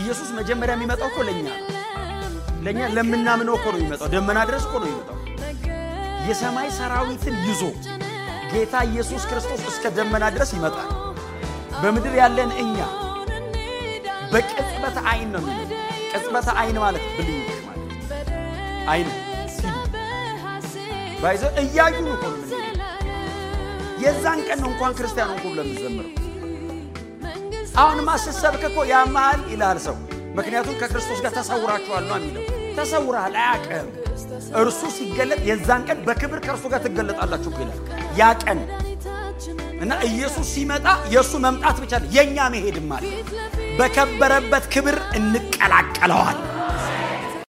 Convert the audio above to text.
ኢየሱስ መጀመሪያ የሚመጣው እኮ ለእኛ ነው። ለእኛ ለምናምን እኮ ነው የሚመጣው። ደመና ድረስ እኮ ነው የሚመጣው። የሰማይ ሰራዊትን ይዞ ጌታ ኢየሱስ ክርስቶስ እስከ ደመና ድረስ ይመጣል። በምድር ያለን እኛ በቅጽበተ አይን ነው የሚ ቅጽበተ አይን ማለት ብልኝ አይን ባይዘ እያዩ ነው እኮ የዛን ቀን ነው እንኳን ክርስቲያን እንኳን ለምንዘምረው አሁንማ ስትሰብክ እኮ ያመሃል ይልሃል ሰው። ምክንያቱም ከክርስቶስ ጋር ተሰውራችኋል ነው የሚለው። ተሰውረሃል፣ አያውቅህም። እርሱ ሲገለጥ የዛን ቀን በክብር ከእርሱ ጋር ትገለጣላችሁ ይላል። ያ ቀን እና ኢየሱስ ሲመጣ የእሱ መምጣት ብቻ የእኛ መሄድም አለ። በከበረበት ክብር እንቀላቀለዋል።